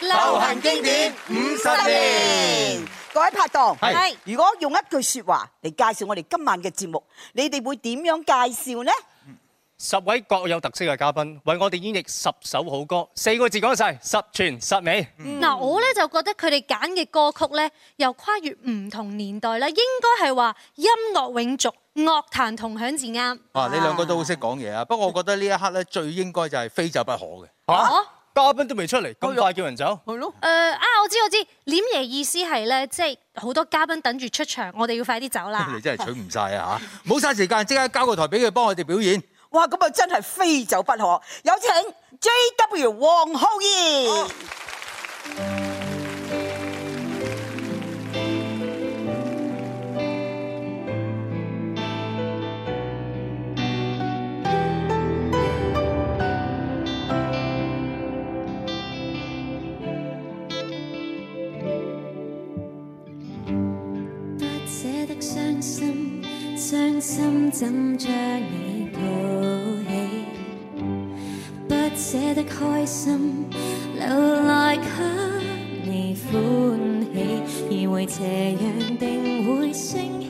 流行經典五十年，各位拍檔係。是如果用一句說話嚟介紹我哋今晚嘅節目，你哋會點樣介紹呢？十位各有特色嘅嘉賓為我哋演繹十首好歌，四個字講晒，十全十美。嗱、嗯，我咧就覺得佢哋揀嘅歌曲咧，又跨越唔同年代啦，應該係話音樂永續、樂壇同享至啱。啊，你兩個都好識講嘢啊！不過我覺得呢一刻咧，最應該就係非走不可嘅。啊啊嘉賓都未出嚟，咁快叫人走係咯？誒啊、嗯！我知我知，廉爺意思係咧，即係好多嘉賓等住出場，我哋要快啲走啦。你真係取唔晒 啊嚇！冇嘥時間，即刻交個台俾佢幫我哋表演。哇！咁啊，真係非走不可。有請 JW 王灝兒。Oh. 傷心，傷心怎將你抱起？不捨得開心，留來給你歡喜，以為這樣定會升起。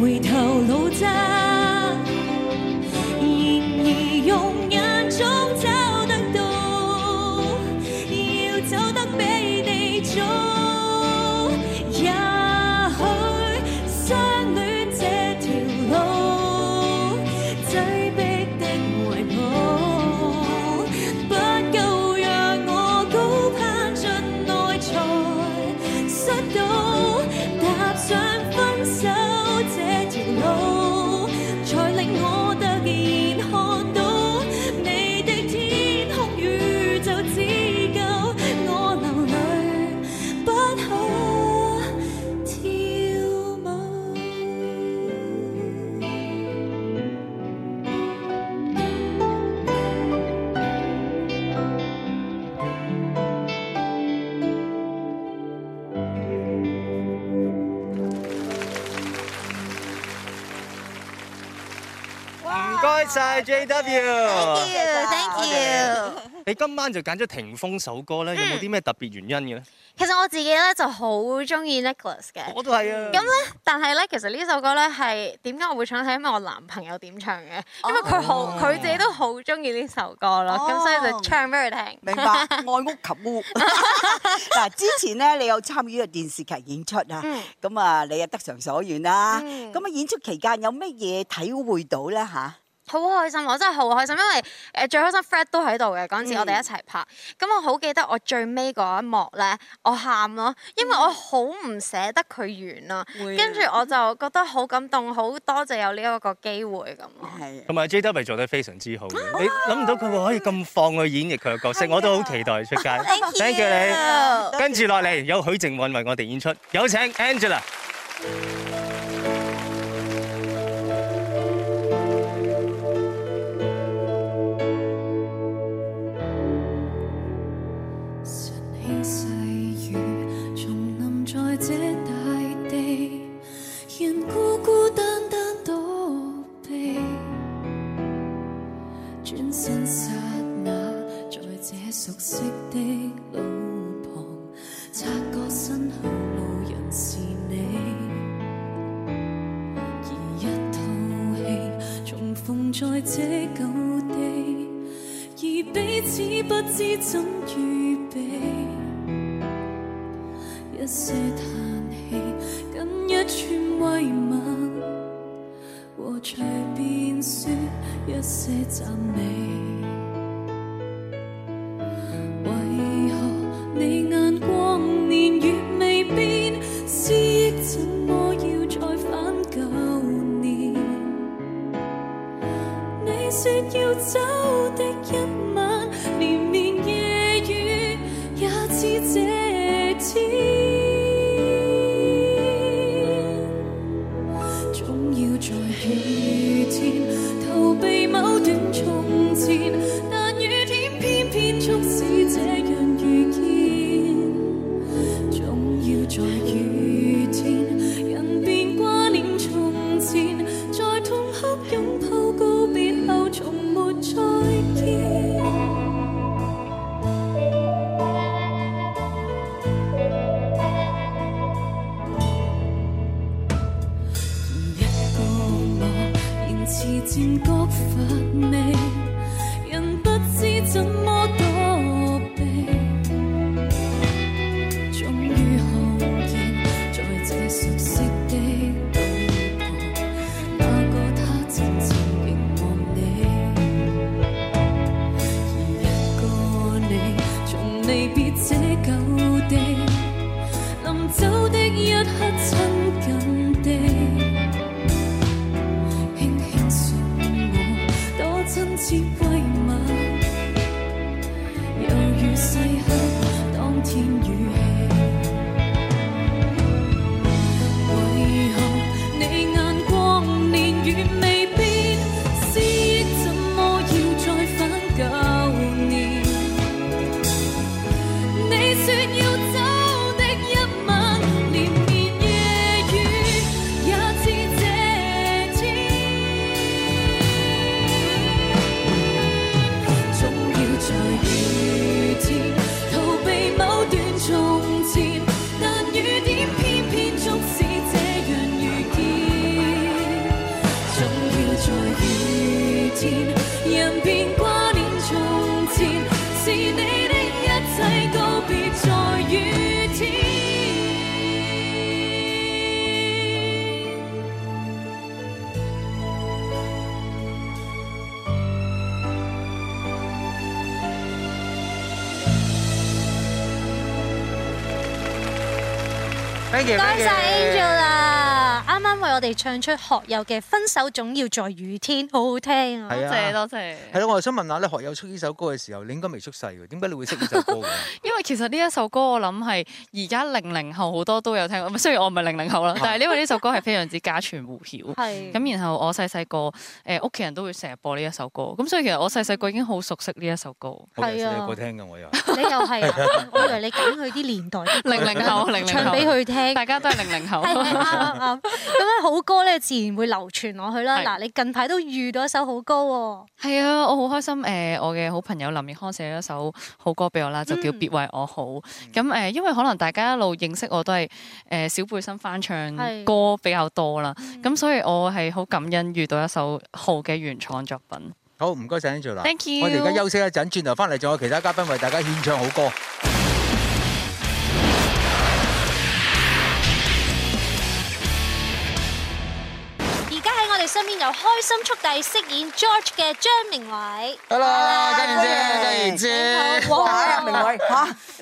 回頭路窄。晒 JW，Thank you，Thank you。你今晚就揀咗霆鋒首歌咧，有冇啲咩特別原因嘅咧？其實我自己咧就好中意《Nicholas》嘅，我都係啊。咁咧，但係咧，其實呢首歌咧係點解我會唱咧？係因為我男朋友點唱嘅，因為佢好，佢自己都好中意呢首歌咯。咁所以就唱俾佢聽。明白，愛屋及烏。嗱，之前咧你有參與呢個電視劇演出啊，咁啊你又得償所願啦。咁啊演出期間有乜嘢體會到咧？吓？好開心，我真係好開心，因為誒最開心的 Fred 都喺度嘅嗰陣時，我哋一齊拍。咁、嗯、我好記得我最尾嗰一幕咧，我喊咯，因為我好唔捨得佢完咯。跟住、嗯、我就覺得好感動，好多謝有呢一個機會咁。同埋 JW 做得非常之好嘅，你諗唔到佢會可以咁放去演繹佢嘅角色，的我都好期待出街。Thank you。謝謝你跟住落嚟有許靖韻為我哋演出，有請 Angela。嗯說一些讚美。哋唱出學友嘅《分手總要在雨天》，好好聽啊！多謝多謝。係咯，我就想問下咧，你學友出呢首歌嘅時候，你應該未出世㗎，點解你會識呢首歌嘅？ 其實呢一首歌我諗係而家零零後好多都有聽，雖然我唔係零零後啦，但係因為呢首歌係非常之家傳戶曉，咁 是然後我細細個誒屋企人都會成日播呢一首歌，咁所以其實我細細個已經好熟悉呢一首歌。係啊，你又係、啊、 我以為你揀佢啲年代。零零後，後 唱俾佢他聽。 大家都係零零後。咁 樣 好歌咧，自然會流傳落去是啦。嗱，你近排都遇到一首好歌喎、哦。係啊，我好開心誒、呃！我嘅好朋友林奕匡寫咗一首好歌俾我啦，就叫《我好，咁誒，因為可能大家一路認識我都係誒、呃、小背心翻唱歌比較多啦，咁的所以我係好感恩遇到一首好嘅原創作品。好，唔該晒 Angela。Thank you，我哋而家休息一陣，轉頭翻嚟仲有其他嘉賓為大家獻唱好歌。下面由開心速遞飾演 George 嘅張明偉，Hello，嘉賢姐，嘉賢姐，哇，明偉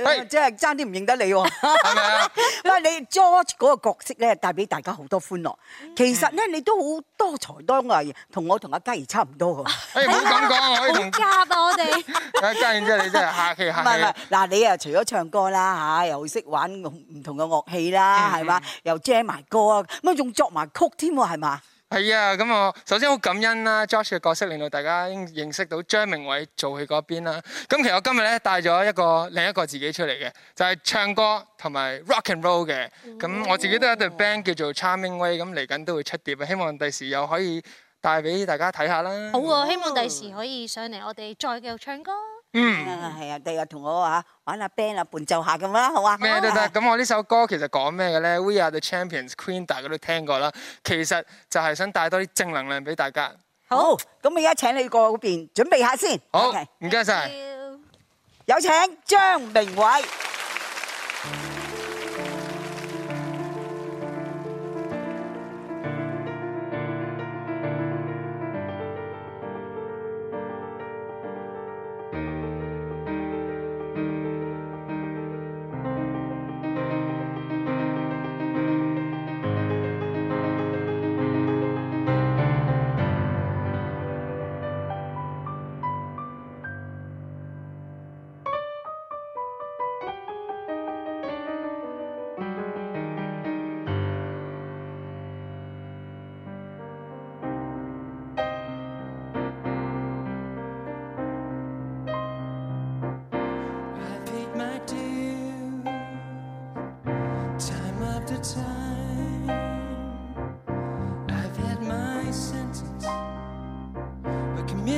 吓，即係爭啲唔認得你喎。唔係你 George 嗰個角色咧，帶俾大家好多歡樂。其實咧，你都好多才多藝，同我同阿嘉怡差唔多。誒，唔好講講，好夾啊！我哋，嘉賢姐，你真係客氣客氣。唔係唔係，嗱，你啊，除咗唱歌啦吓，又識玩唔同嘅樂器啦，係嘛，又 jam 埋歌，咁啊，仲作埋曲添喎，係嘛。係啊，咁我首先好感恩啦、啊、，Josh 嘅角色令到大家認識到張明偉做戲邊啦。咁其實我今日咧帶咗一個另一個自己出嚟嘅，就係、是、唱歌同埋 rock and roll 嘅。咁、嗯、我自己都有一隊 band、嗯、叫做 Charming Way，咁嚟緊都會出碟，希望第時又可以帶俾大家睇下啦。好啊，希望第時可以上嚟我哋再繼續唱歌。嗯，係啊，嗯，第日同我吓玩下 band 啊，伴奏下咁啦，好啊。咩都得，咁吧我呢首歌其實講咩嘅咧？We are the champions，Queen 大家都聽過啦。其實就係想帶多啲正能量俾大家。好，咁我而家請你過嗰邊準備一下先。好，唔該晒。謝謝。有請張明偉。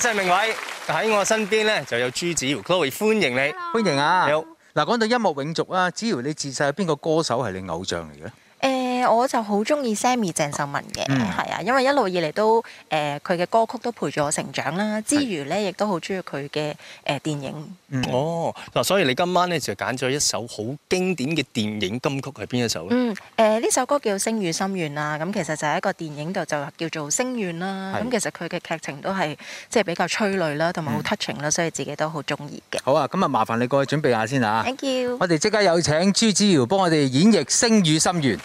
張明偉喺我身邊咧，就有朱紫嬈、Chloe 歡迎你，你好歡迎啊！你好嗱，講到音樂永續啊，紫嬈，你自細有邊個歌手係你偶像嚟嘅？我就好中意 Sammy 鄭秀文嘅係啊，因為一路以嚟都誒佢嘅歌曲都陪住我成長啦。之餘咧，亦是都好中意佢嘅誒電影。嗯嗯、哦，嗱，所以你今晚咧就揀咗一首好經典嘅電影金曲係邊一首咧？嗯，誒、呃、呢首歌叫《星語心願》啦。咁、嗯、其實就喺一個電影度就叫做《星願》啦。咁是、嗯、其實佢嘅劇情都係即係比較催淚啦，同埋好 touching 啦，嗯，所以自己都好中意嘅。好啊，咁啊麻煩你過去準備一下先啊。Thank you。我哋即刻有請朱紫嬈幫我哋演繹《星語心願》。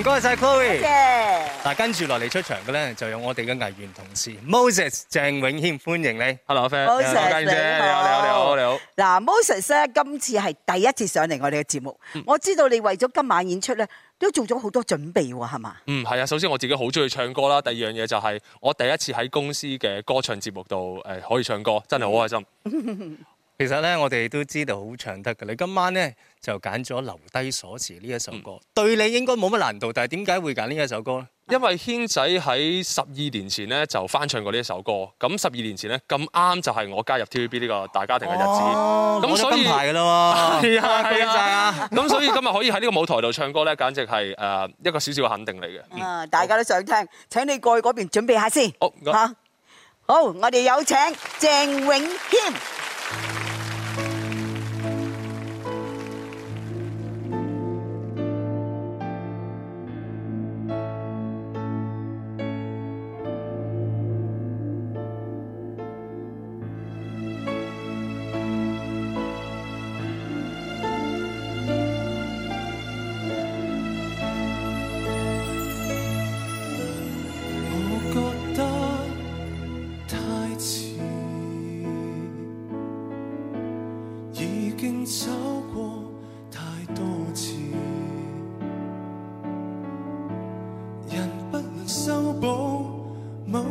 唔該晒 Chloe 嗱，跟住落嚟出場嘅咧，就有我哋嘅藝員同事 Moses 鄭詠謙，歡迎你。Hello，阿 Fair，多謝。你好，你好，你好。嗱、啊、，Moses 咧，今次係第一次上嚟我哋嘅節目。嗯、我知道你為咗今晚演出咧，都做咗好多準備喎，係嘛？嗯，係啊。首先我自己好中意唱歌啦，第二樣嘢就係我第一次喺公司嘅歌唱節目度誒可以唱歌，真係好開心。其實咧，我哋都知道好唱得嘅。你今晚咧就揀咗留低鎖匙呢一首歌，對你應該冇乜難度。但係點解會揀呢一首歌咧？因為軒仔喺十二年前咧就翻唱過呢一首歌。咁十二年前咧咁啱就係我加入 TVB 呢個大家庭嘅日子。哦，咁所以金牌噶啦喎。係啊，軒仔啊。咁所以今日可以喺呢個舞台度唱歌咧，簡直係誒一個少少肯定嚟嘅。啊，大家都想聽，請你過去嗰邊準備下先。好，吓好，我哋有請鄭詠謙。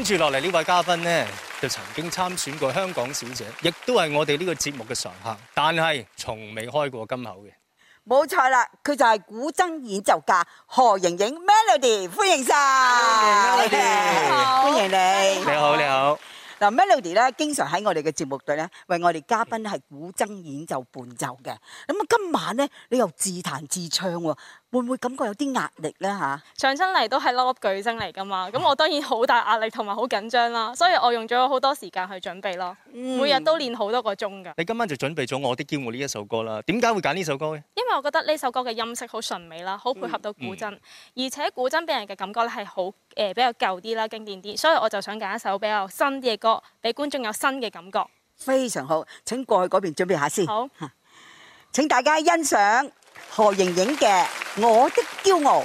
跟住落嚟呢位嘉賓咧，就曾經參選過香港小姐，亦都係我哋呢個節目嘅常客，但係從未開過金口嘅。冇錯啦，佢就係古箏演奏家何瑩瑩 Melody，歡迎晒 Melody，歡迎你，你好，你好。嗱，Melody 咧，經常喺我哋嘅節目度咧，為我哋嘉賓係古箏演奏伴奏嘅。咁啊，今晚咧，你又自彈自唱喎。會唔會感覺有啲壓力呢？吓，上身嚟都係粒粒巨星嚟噶嘛，咁我當然好大壓力同埋好緊張啦，所以我用咗好多時間去準備咯，每日都練好多個鐘噶。你今晚就準備咗《我的驕傲》呢一首歌啦，點解會揀呢首歌呢？因為我覺得呢首歌嘅音色好純美啦，好配合到古箏，嗯嗯、而且古箏俾人嘅感覺咧係好誒、呃、比較舊啲啦，經典啲，所以我就想揀一首比較新啲嘅歌，俾觀眾有新嘅感覺。非常好，請過去嗰邊準備下先。好，請大家欣賞。何瑩瑩嘅《我的驕傲》。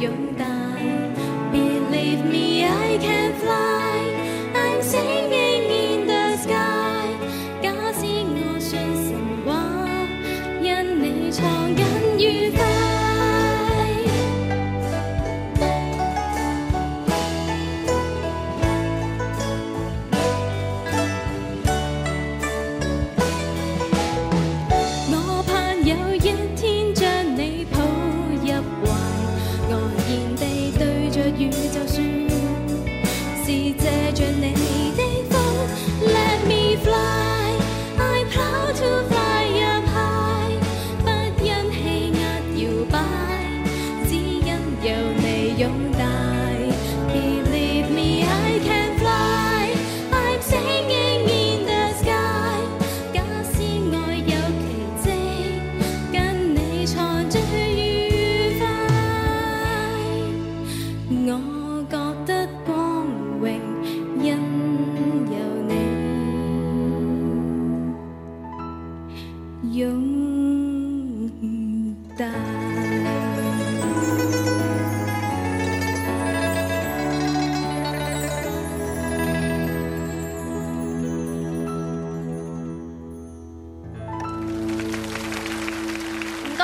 勇敢。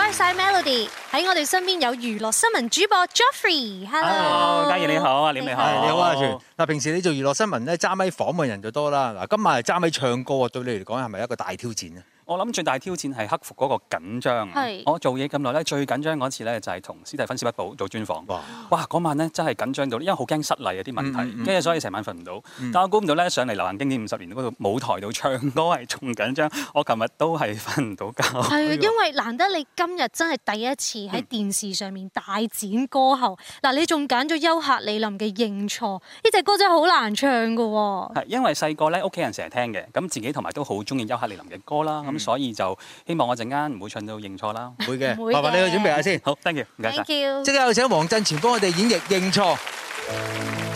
多謝 Melody，喺我哋身邊有娛樂新聞主播 Jeffrey，Hello 嘉怡，你好，你好啊，你好你好啊，阿全，嗱平時你做娛樂新聞咧，揸咪訪問人就多啦，嗱今晚係揸咪唱歌對你嚟講係咪一個大挑戰？我諗最大挑戰係克服嗰個緊張。是我做嘢咁耐咧，最緊張嗰次咧就係同史提芬史匹堡做專訪。哇！嗰晚咧真係緊張到，因為好驚失禮有、啊、啲問題，跟住、嗯嗯、所以成晚瞓唔到。嗯、但我估唔到咧，上嚟流行經典五十年嗰度舞台度唱歌係仲緊張。我琴日都係瞓唔到覺。係，因為難得你今日真係第一次喺電視上面大展歌喉。嗱、嗯，你仲揀咗優客李林嘅《認錯》，呢隻歌真係好難唱嘅喎。係，因為細個咧屋企人成日聽嘅，咁自己同埋都好中意優客李林嘅歌啦。所以就希望我陣間唔會唱到認錯啦。的，唔會嘅，麻煩你去準備下先。好，thank you，唔該晒。謝謝謝謝。即刻有請王鎮泉幫我哋演繹認錯。嗯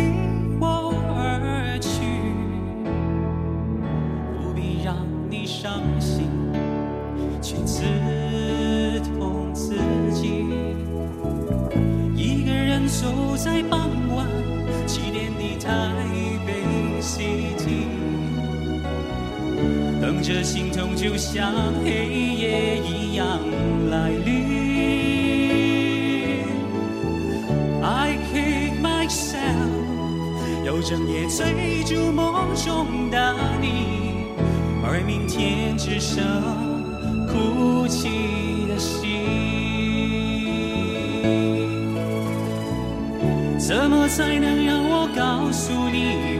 就像黑夜一樣來臨。I kick myself，要整夜追逐夢中的你，而明天只剩哭泣的心。怎麼才能讓我告訴你？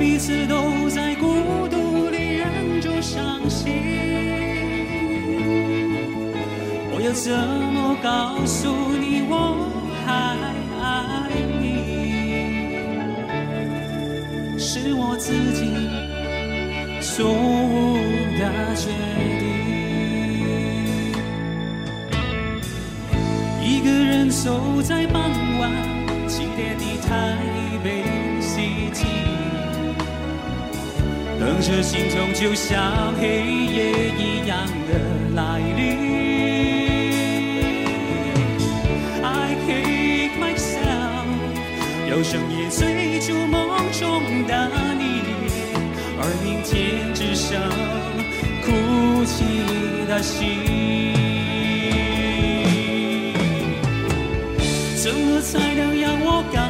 彼此都在孤獨裏忍住傷心，我要怎麼告訴你我還愛你？是我自己錯誤的決定。一個人走在傍晚漆黑的台北。等着心痛，就像黑夜一樣的來臨。I hate myself，有深夜追逐夢中的你，而明天只剩哭泣的心。怎麼才能讓我感？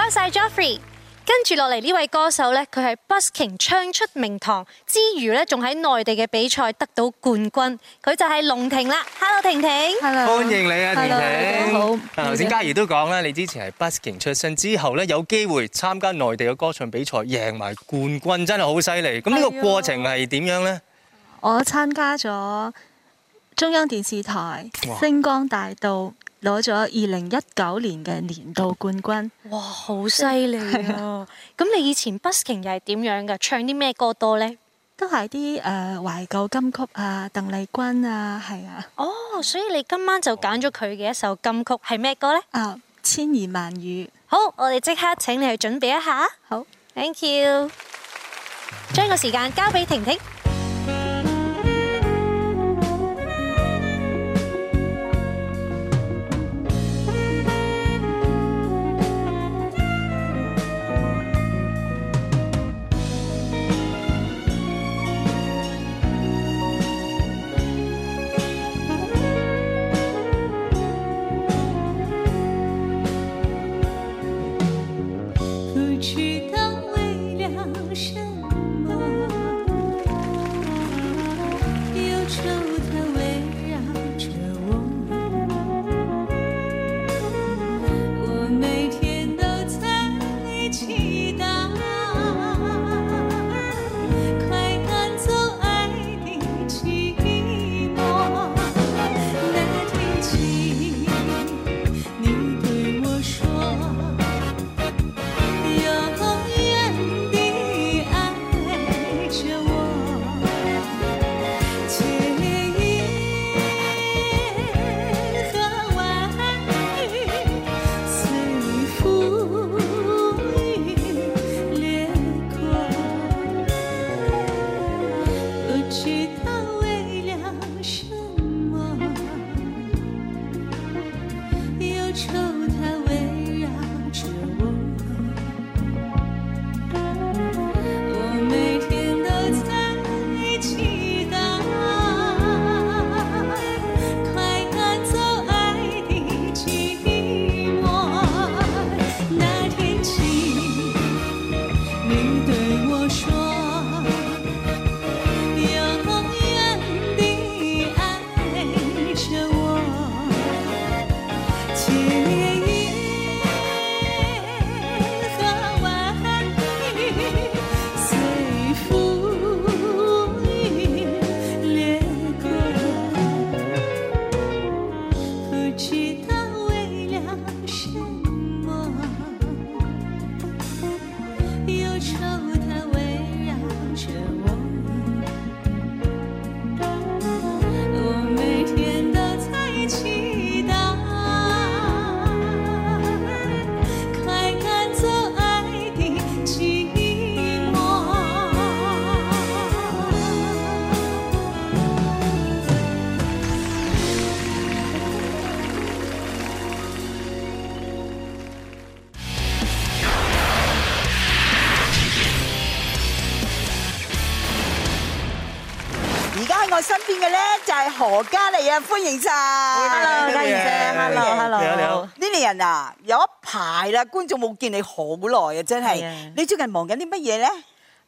多謝，謝 Jeffrey。跟住落嚟，呢位歌手呢，佢係 Busking 唱出名堂之餘呢，仲喺內地嘅比賽得到冠軍，佢就係龍婷啦。Hello 婷婷。Hello. 歡迎你啊，婷婷。Hello, 婷婷，你好，頭先嘉儀都講啦，你之前係 Busking 出身之後呢，有機會參加內地嘅歌唱比賽，贏埋冠軍，真係好犀利。咁呢的個過程係點樣呢？我參加咗中央電視台哇星光大道。攞咗二零一九年嘅年度冠軍，哇，好犀利啊！咁你以前 busking 又係點樣㗎？唱啲咩歌多呢？都係啲誒懷舊金曲啊，鄧麗君啊，係啊。哦，所以你今晚就揀咗佢嘅一首金曲，係咩歌呢？啊，千言萬語。好，我哋即刻請你去準備一下。好，thank you。將個時間交俾婷婷。啊！歡迎晒，hello 嘉莉姐，hello hello，好好你好，Lily 人啊，有一排啦，觀眾冇見你好耐啊，真係，對你最近忙緊啲乜嘢咧？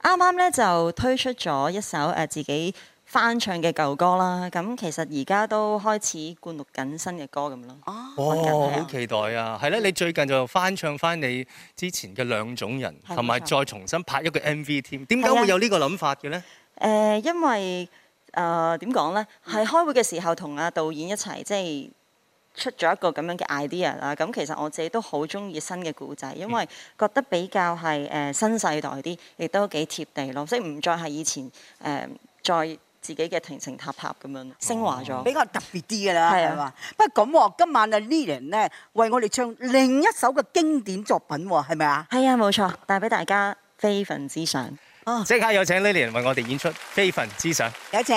啱啱咧就推出咗一首誒自己翻唱嘅舊歌啦，咁其實而家都開始灌錄緊新嘅歌咁咯。哦，好、啊、期待啊！係咧，你最近就翻唱翻你之前嘅兩種人，同埋再重新拍一個 MV 添。點解對會有個呢個諗法嘅咧？誒、呃，因為。誒，點講呢？係開會嘅時候同啊導演一齊，即、就、係、是、出咗一個咁樣嘅 idea 啦。咁其實我自己都好中意新嘅古仔，因為覺得比較係誒、呃、新世代啲，亦都幾貼地咯。即係唔再係以前誒再、呃、自己嘅停亭塔塔咁樣升華，升華咗比較特別啲㗎啦，係啊，不過咁喎，今晚啊 Leon 咧為我哋唱另一首嘅經典作品喎，係咪啊？係啊，冇錯，帶俾大家非分之想。即刻有請 Lily 為我哋演出《非分之想》，有請。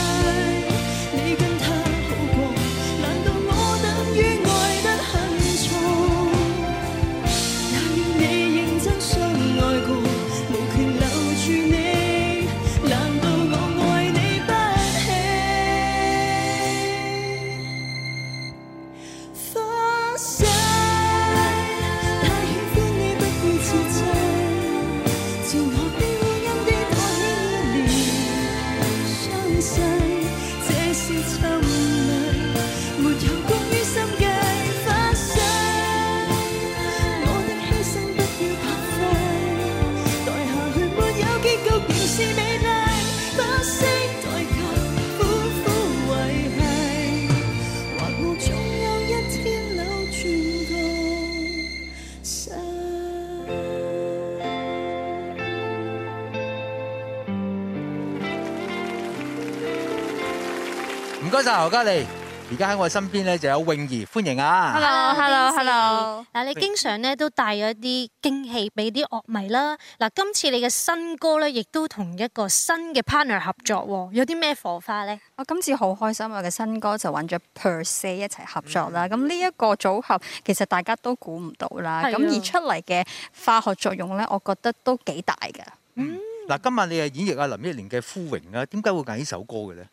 何嘉莉，而家喺我身邊咧就有泳兒，歡迎啊！Hello，Hello，Hello。嗱，hello , Hey. 你經常咧都帶咗一啲驚喜俾啲樂迷啦。嗱，今次你嘅新歌咧，亦都同一個新嘅 partner 合作，有啲咩火花咧？我今次好開心，我嘅新歌就揾咗 Per Se 一齊合作啦。咁呢一個組合其實大家都估唔到啦。咁的而出嚟嘅化學作用咧，我覺得都幾大嘅。嗯。嗱，今日你係演繹阿林憶蓮嘅《枯榮》啊？點解會揀呢首歌嘅咧？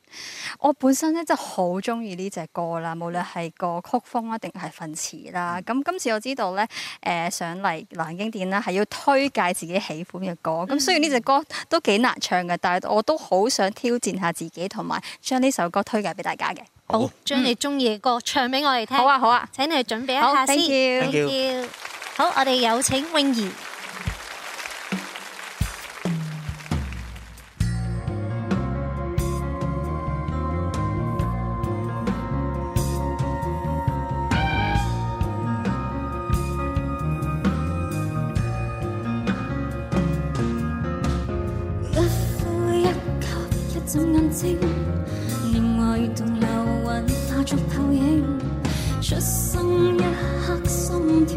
我本身咧真係好中意呢隻歌啦，無論係個曲風啊，定係份詞啦。咁今次我知道咧，誒上嚟流行經典啦，係要推介自己喜歡嘅歌。咁、嗯、雖然呢隻歌都幾難唱嘅，但係我都好想挑戰下自己，同埋將呢首歌推介俾大家嘅。好，嗯、將你中意嘅歌唱俾我哋聽。好啊，好啊。請你準備一下先。謝謝謝謝。好，我哋有請泳兒。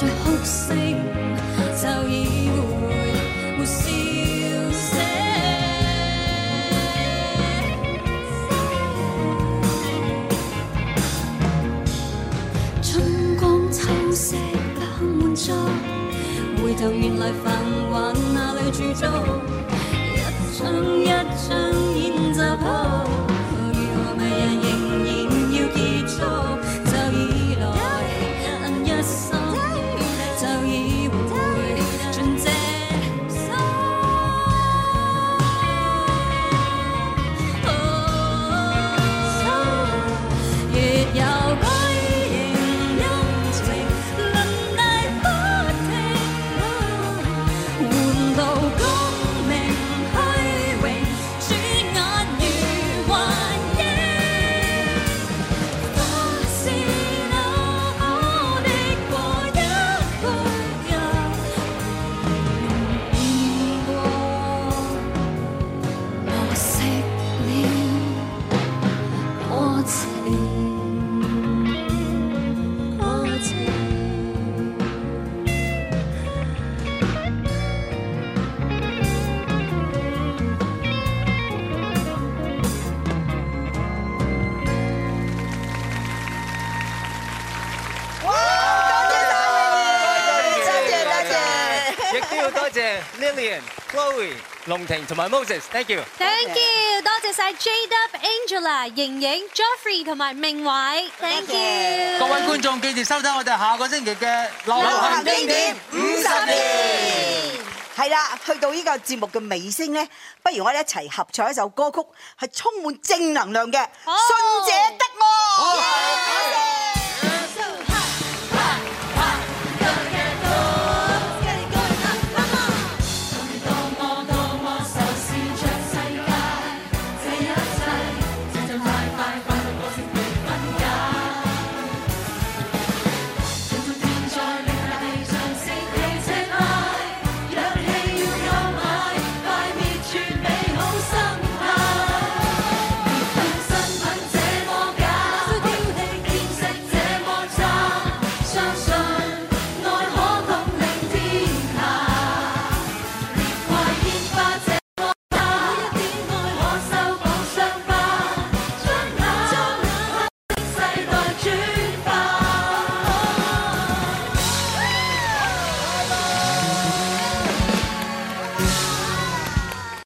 再哭聲就已回沒笑聲，春光秋色不肯滿足。回頭原來繁華那裏駐足？一張一張演奏譜。好多謝 Lilian、Chloe、龍婷同埋 Moses，thank you。Thank you，多謝晒 JW、Angela、瑩瑩、Jeffrey 同埋明偉，thank you。各位觀眾，記住收睇我哋下個星期嘅流行經典五十年。係啦，去到呢個節目嘅尾聲咧，不如我哋一齊合唱一首歌曲，係充滿正能量嘅《信者得愛》。